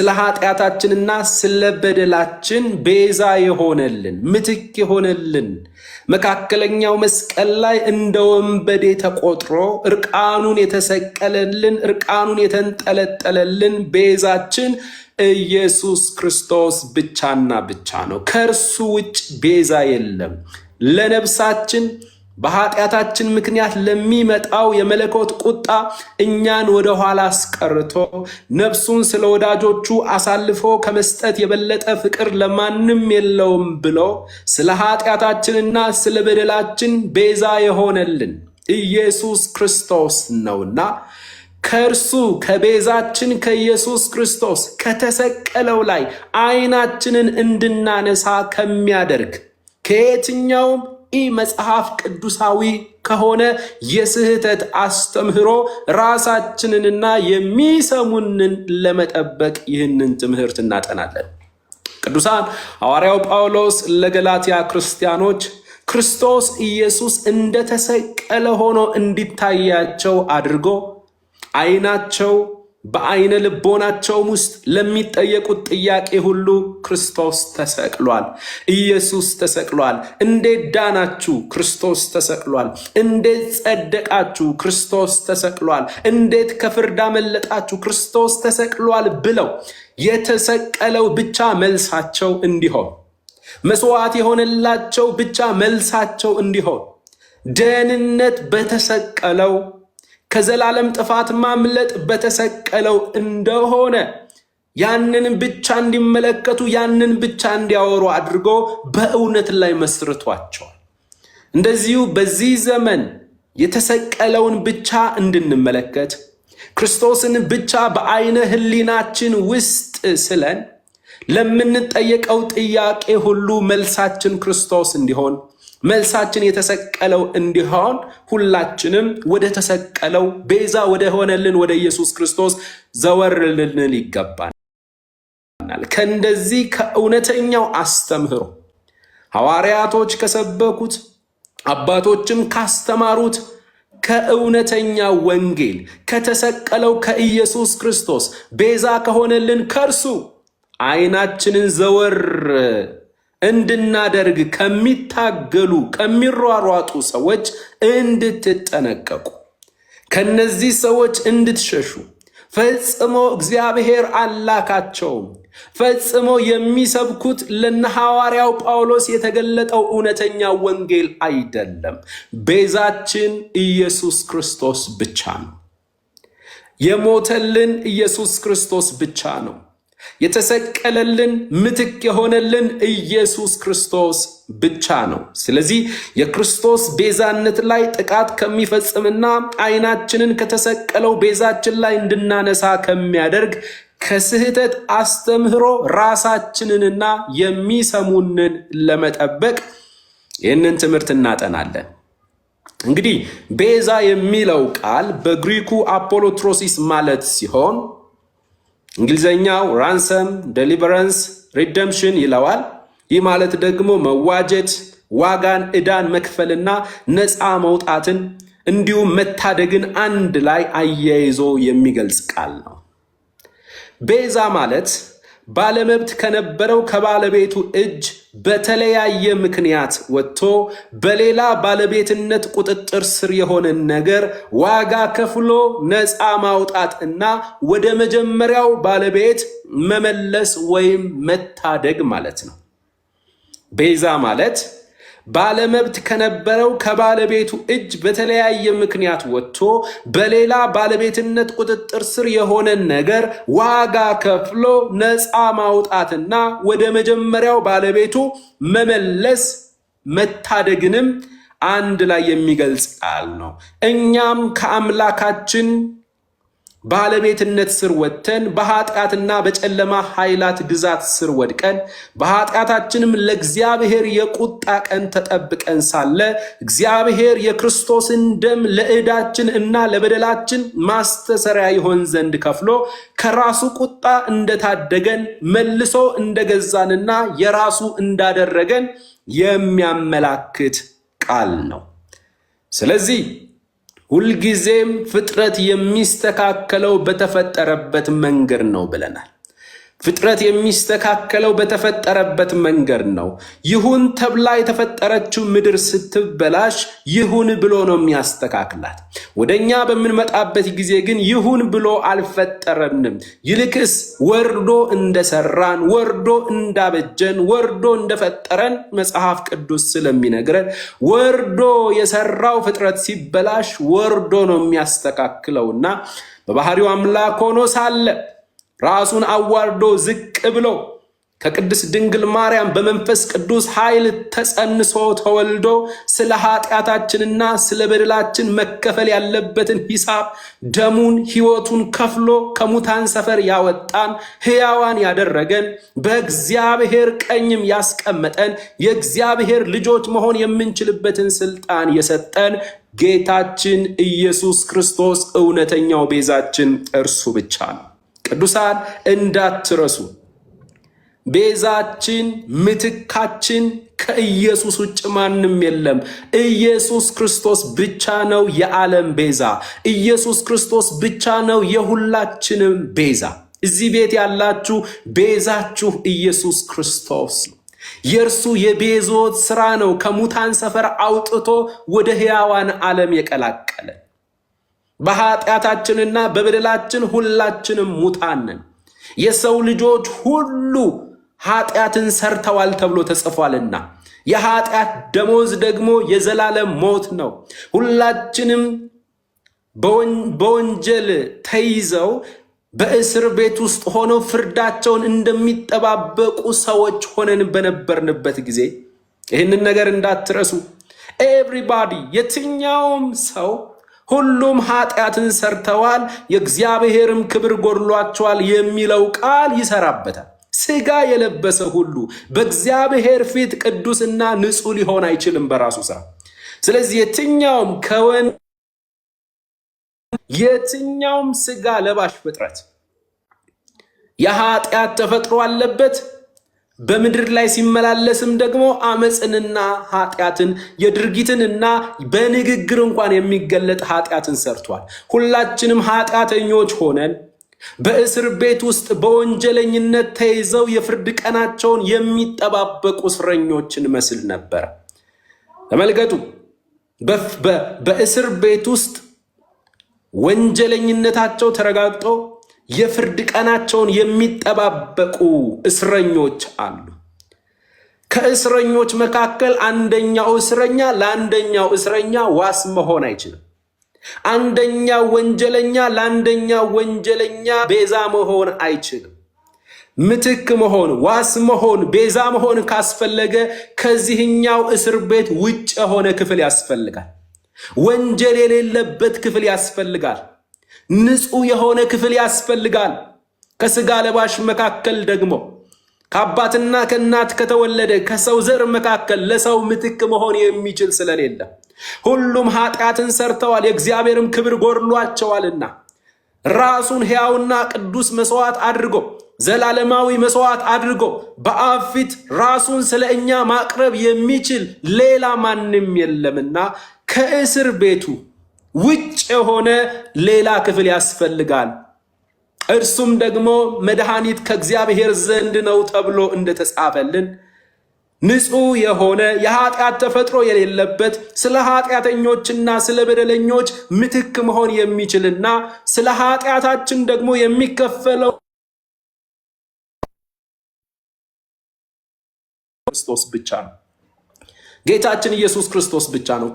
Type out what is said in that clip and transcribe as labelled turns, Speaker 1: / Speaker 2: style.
Speaker 1: ስለ ኃጢአታችንና ስለ በደላችን ቤዛ የሆነልን ምትክ የሆነልን መካከለኛው መስቀል ላይ እንደ ወንበዴ ተቆጥሮ እርቃኑን የተሰቀለልን እርቃኑን የተንጠለጠለልን ቤዛችን ኢየሱስ ክርስቶስ ብቻና ብቻ ነው። ከእርሱ ውጭ ቤዛ የለም ለነብሳችን በኃጢአታችን ምክንያት ለሚመጣው የመለኮት ቁጣ እኛን ወደ ኋላ አስቀርቶ ነፍሱን ስለ ወዳጆቹ አሳልፎ ከመስጠት የበለጠ ፍቅር ለማንም የለውም ብሎ ስለ ኃጢአታችንና ስለ በደላችን ቤዛ የሆነልን ኢየሱስ ክርስቶስ ነውና ከእርሱ ከቤዛችን ከኢየሱስ ክርስቶስ ከተሰቀለው ላይ ዓይናችንን እንድናነሳ ከሚያደርግ ከየትኛውም ይህ መጽሐፍ ቅዱሳዊ ከሆነ የስህተት አስተምህሮ ራሳችንንና የሚሰሙንን ለመጠበቅ ይህንን ትምህርት እናጠናለን። ቅዱሳን ሐዋርያው ጳውሎስ ለገላትያ ክርስቲያኖች ክርስቶስ ኢየሱስ እንደተሰቀለ ሆኖ እንዲታያቸው አድርጎ ዓይናቸው በአይነ ልቦናቸውም ውስጥ ለሚጠየቁት ጥያቄ ሁሉ ክርስቶስ ተሰቅሏል፣ ኢየሱስ ተሰቅሏል፣ እንዴት ዳናችሁ? ክርስቶስ ተሰቅሏል፣ እንዴት ጸደቃችሁ? ክርስቶስ ተሰቅሏል፣ እንዴት ከፍርድ አመለጣችሁ? ክርስቶስ ተሰቅሏል ብለው የተሰቀለው ብቻ መልሳቸው እንዲሆን መስዋዕት የሆነላቸው ብቻ መልሳቸው እንዲሆን ደህንነት በተሰቀለው ከዘላለም ጥፋት ማምለጥ በተሰቀለው እንደሆነ ያንን ብቻ እንዲመለከቱ ያንን ብቻ እንዲያወሩ አድርጎ በእውነት ላይ መስርቷቸዋል። እንደዚሁ በዚህ ዘመን የተሰቀለውን ብቻ እንድንመለከት ክርስቶስን ብቻ በአይነ ህሊናችን ውስጥ ስለን ለምንጠየቀው ጥያቄ ሁሉ መልሳችን ክርስቶስ እንዲሆን መልሳችን የተሰቀለው እንዲሆን ሁላችንም ወደ ተሰቀለው ቤዛ ወደ ሆነልን ወደ ኢየሱስ ክርስቶስ ዘወር ልንል ይገባናል። ከእንደዚህ ከእውነተኛው አስተምህሮ ሐዋርያቶች ከሰበኩት አባቶችም ካስተማሩት ከእውነተኛ ወንጌል ከተሰቀለው ከኢየሱስ ክርስቶስ ቤዛ ከሆነልን ከእርሱ አይናችንን ዘወር እንድናደርግ ከሚታገሉ ከሚሯሯጡ ሰዎች እንድትጠነቀቁ ከነዚህ ሰዎች እንድትሸሹ ፈጽሞ እግዚአብሔር አላካቸውም። ፈጽሞ የሚሰብኩት ለነሐዋርያው ጳውሎስ የተገለጠው እውነተኛ ወንጌል አይደለም። ቤዛችን ኢየሱስ ክርስቶስ ብቻ ነው። የሞተልን ኢየሱስ ክርስቶስ ብቻ ነው። የተሰቀለልን ምትክ የሆነልን ኢየሱስ ክርስቶስ ብቻ ነው። ስለዚህ የክርስቶስ ቤዛነት ላይ ጥቃት ከሚፈጽምና ዓይናችንን ከተሰቀለው ቤዛችን ላይ እንድናነሳ ከሚያደርግ ከስህተት አስተምህሮ ራሳችንንና የሚሰሙንን ለመጠበቅ ይህንን ትምህርት እናጠናለን። እንግዲህ ቤዛ የሚለው ቃል በግሪኩ አፖሎትሮሲስ ማለት ሲሆን እንግሊዘኛው ራንሰም፣ ደሊቨረንስ፣ ሪደምፕሽን ይለዋል። ይህ ማለት ደግሞ መዋጀት፣ ዋጋን፣ ዕዳን መክፈልና ነፃ መውጣትን እንዲሁም መታደግን አንድ ላይ አያይዞ የሚገልጽ ቃል ነው። ቤዛ ማለት ባለመብት ከነበረው ከባለቤቱ እጅ በተለያየ ምክንያት ወጥቶ በሌላ ባለቤትነት ቁጥጥር ስር የሆነን ነገር ዋጋ ከፍሎ ነፃ ማውጣት እና ወደ መጀመሪያው ባለቤት መመለስ ወይም መታደግ ማለት ነው። ቤዛ ማለት ባለመብት ከነበረው ከባለቤቱ እጅ በተለያየ ምክንያት ወጥቶ በሌላ ባለቤትነት ቁጥጥር ስር የሆነን ነገር ዋጋ ከፍሎ ነፃ ማውጣትና ወደ መጀመሪያው ባለቤቱ መመለስ መታደግንም አንድ ላይ የሚገልጽ ቃል ነው። እኛም ከአምላካችን ባለቤትነት ስር ወጥተን በኃጢአትና በጨለማ ኃይላት ግዛት ስር ወድቀን በኃጢአታችንም ለእግዚአብሔር የቁጣ ቀን ተጠብቀን ሳለ እግዚአብሔር የክርስቶስን ደም ለእዳችን እና ለበደላችን ማስተሰሪያ ይሆን ዘንድ ከፍሎ ከራሱ ቁጣ እንደታደገን መልሶ እንደገዛንና የራሱ እንዳደረገን የሚያመላክት ቃል ነው። ስለዚህ ሁልጊዜም ፍጥረት የሚስተካከለው በተፈጠረበት መንገድ ነው ብለናል። ፍጥረት የሚስተካከለው በተፈጠረበት መንገድ ነው። ይሁን ተብላ የተፈጠረችው ምድር ስትበላሽ ይሁን ብሎ ነው የሚያስተካክላት። ወደ እኛ በምንመጣበት ጊዜ ግን ይሁን ብሎ አልፈጠረንም። ይልቅስ ወርዶ እንደሰራን፣ ወርዶ እንዳበጀን፣ ወርዶ እንደፈጠረን መጽሐፍ ቅዱስ ስለሚነግረን ወርዶ የሰራው ፍጥረት ሲበላሽ ወርዶ ነው እና በባህሪው አምላክ ሆኖ ሳለ ራሱን አዋርዶ ዝቅ ብሎ ከቅድስት ድንግል ማርያም በመንፈስ ቅዱስ ኃይል ተጸንሶ ተወልዶ ስለ ኃጢአታችንና ስለ በደላችን መከፈል ያለበትን ሂሳብ ደሙን ሕይወቱን ከፍሎ ከሙታን ሰፈር ያወጣን ሕያዋን ያደረገን በእግዚአብሔር ቀኝም ያስቀመጠን የእግዚአብሔር ልጆች መሆን የምንችልበትን ስልጣን የሰጠን ጌታችን ኢየሱስ ክርስቶስ እውነተኛው ቤዛችን እርሱ ብቻ ነው። ቅዱሳን እንዳትረሱ። ቤዛችን ምትካችን ከኢየሱስ ውጭ ማንም የለም። ኢየሱስ ክርስቶስ ብቻ ነው የዓለም ቤዛ። ኢየሱስ ክርስቶስ ብቻ ነው የሁላችንም ቤዛ። እዚህ ቤት ያላችሁ ቤዛችሁ ኢየሱስ ክርስቶስ ነው። የእርሱ የቤዞት ስራ ነው ከሙታን ሰፈር አውጥቶ ወደ ሕያዋን ዓለም የቀላቀለ በኃጢአታችንና በበደላችን ሁላችንም ሙታንን የሰው ልጆች ሁሉ ኃጢአትን ሰርተዋል ተብሎ ተጽፏልና የኃጢአት ደሞዝ ደግሞ የዘላለም ሞት ነው። ሁላችንም በወንጀል ተይዘው በእስር ቤት ውስጥ ሆነው ፍርዳቸውን እንደሚጠባበቁ ሰዎች ሆነን በነበርንበት ጊዜ ይህንን ነገር እንዳትረሱ። ኤቭሪባዲ የትኛውም ሰው ሁሉም ኃጢአትን ሰርተዋል፣ የእግዚአብሔርም ክብር ጎድሏቸዋል የሚለው ቃል ይሰራበታል። ስጋ የለበሰ ሁሉ በእግዚአብሔር ፊት ቅዱስና ንጹህ ሊሆን አይችልም በራሱ ስራ። ስለዚህ የትኛውም ከወን የትኛውም ስጋ ለባሽ ፍጥረት የኃጢአት ተፈጥሮ አለበት። በምድር ላይ ሲመላለስም ደግሞ አመፅንና ኃጢአትን የድርጊትንና በንግግር እንኳን የሚገለጥ ኃጢአትን ሰርቷል። ሁላችንም ኃጢአተኞች ሆነን በእስር ቤት ውስጥ በወንጀለኝነት ተይዘው የፍርድ ቀናቸውን የሚጠባበቁ እስረኞችን መስል ነበር። ተመልከቱ። በእስር ቤት ውስጥ ወንጀለኝነታቸው ተረጋግጦ የፍርድ ቀናቸውን የሚጠባበቁ እስረኞች አሉ። ከእስረኞች መካከል አንደኛው እስረኛ ለአንደኛው እስረኛ ዋስ መሆን አይችልም። አንደኛ ወንጀለኛ ለአንደኛ ወንጀለኛ ቤዛ መሆን አይችልም። ምትክ መሆን፣ ዋስ መሆን፣ ቤዛ መሆን ካስፈለገ ከዚህኛው እስር ቤት ውጭ የሆነ ክፍል ያስፈልጋል። ወንጀል የሌለበት ክፍል ያስፈልጋል። ንጹሕ የሆነ ክፍል ያስፈልጋል። ከስጋ ለባሽ መካከል ደግሞ ከአባትና ከእናት ከተወለደ ከሰው ዘር መካከል ለሰው ምትክ መሆን የሚችል ስለሌለ ሁሉም ኃጢአትን ሰርተዋል የእግዚአብሔርም ክብር ጎድሏቸዋልና ራሱን ሕያውና ቅዱስ መስዋዕት አድርጎ ዘላለማዊ መስዋዕት አድርጎ በአብ ፊት ራሱን ስለ እኛ ማቅረብ የሚችል ሌላ ማንም የለምና ከእስር ቤቱ ውጭ የሆነ ሌላ ክፍል ያስፈልጋል። እርሱም ደግሞ መድኃኒት ከእግዚአብሔር ዘንድ ነው ተብሎ እንደተጻፈልን ንጹሕ የሆነ የኃጢአት ተፈጥሮ የሌለበት ስለ ኃጢአተኞችና ስለ በደለኞች ምትክ መሆን የሚችልና ስለ ኃጢአታችን ደግሞ የሚከፈለው ክርስቶስ ብቻ ነው። ጌታችን ኢየሱስ ክርስቶስ ብቻ ነው።